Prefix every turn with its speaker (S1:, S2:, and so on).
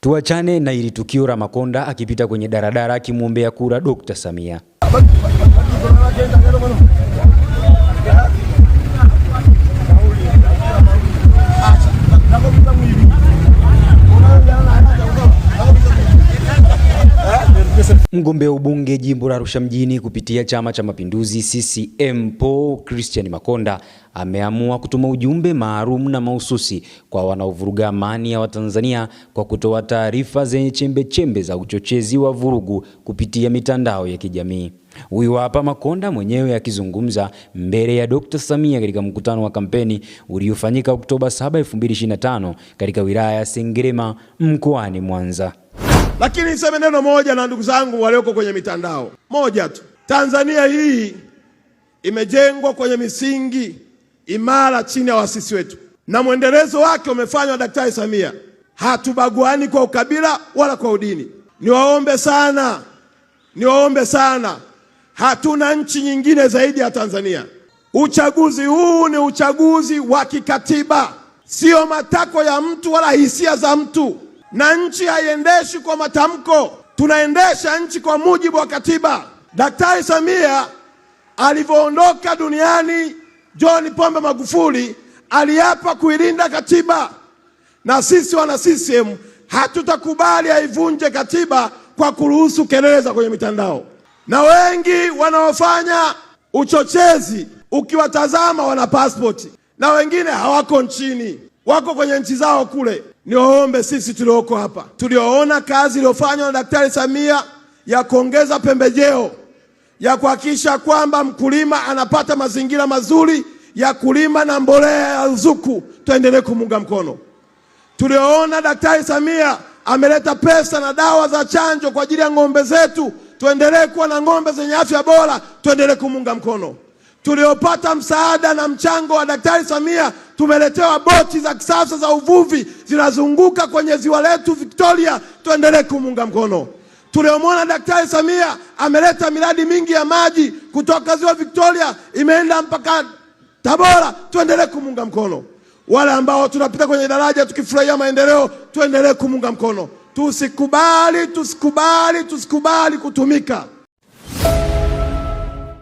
S1: Tuachane na ili tukio la Makonda akipita kwenye daradara akimwombea kura Dr. Samia. Mgombea ubunge jimbo la Arusha mjini kupitia Chama cha Mapinduzi CCM Paul Christian Makonda ameamua kutuma ujumbe maalum na mahususi kwa wanaovuruga amani ya Watanzania kwa kutoa taarifa zenye chembechembe za uchochezi wa vurugu kupitia mitandao ya kijamii. Huyu hapa Makonda mwenyewe akizungumza mbele ya Dr. Samia katika mkutano wa kampeni uliofanyika Oktoba 7, 2025 katika wilaya ya Sengerema mkoani Mwanza.
S2: Lakini niseme neno moja na ndugu zangu walioko kwenye mitandao, moja tu. Tanzania hii imejengwa kwenye misingi imara chini ya wasisi wetu, na mwendelezo wake umefanywa Daktari Samia. Hatubaguani kwa ukabila wala kwa udini. Niwaombe sana, niwaombe sana, hatuna nchi nyingine zaidi ya Tanzania. Uchaguzi huu ni uchaguzi wa kikatiba, sio matakwa ya mtu wala hisia za mtu na nchi haiendeshi kwa matamko, tunaendesha nchi kwa mujibu wa katiba. Daktari Samia alivyoondoka duniani, John Pombe Magufuli aliapa kuilinda katiba, na sisi wana CCM hatutakubali aivunje katiba kwa kuruhusu kelele za kwenye mitandao. Na wengi wanaofanya uchochezi ukiwatazama wana pasipoti, na wengine hawako nchini, wako kwenye nchi zao kule. Niwaombe sisi tulioko hapa tulioona kazi iliyofanywa na Daktari Samia ya kuongeza pembejeo ya kuhakikisha kwamba mkulima anapata mazingira mazuri ya kulima na mbolea ya ruzuku, tuendelee kumunga mkono. Tulioona Daktari Samia ameleta pesa na dawa za chanjo kwa ajili ya ng'ombe zetu, tuendelee kuwa na ng'ombe zenye afya bora, tuendelee kumunga mkono. Tuliopata msaada na mchango wa Daktari Samia tumeletewa boti za kisasa za uvuvi zinazunguka kwenye ziwa letu Victoria. Tuendelee kumunga mkono. Tuliomwona Daktari Samia ameleta miradi mingi ya maji kutoka ziwa Victoria imeenda mpaka Tabora, tuendelee kumunga mkono. Wale ambao tunapita kwenye daraja tukifurahia maendeleo, tuendelee kumunga mkono. Tusikubali, tusikubali, tusikubali kutumika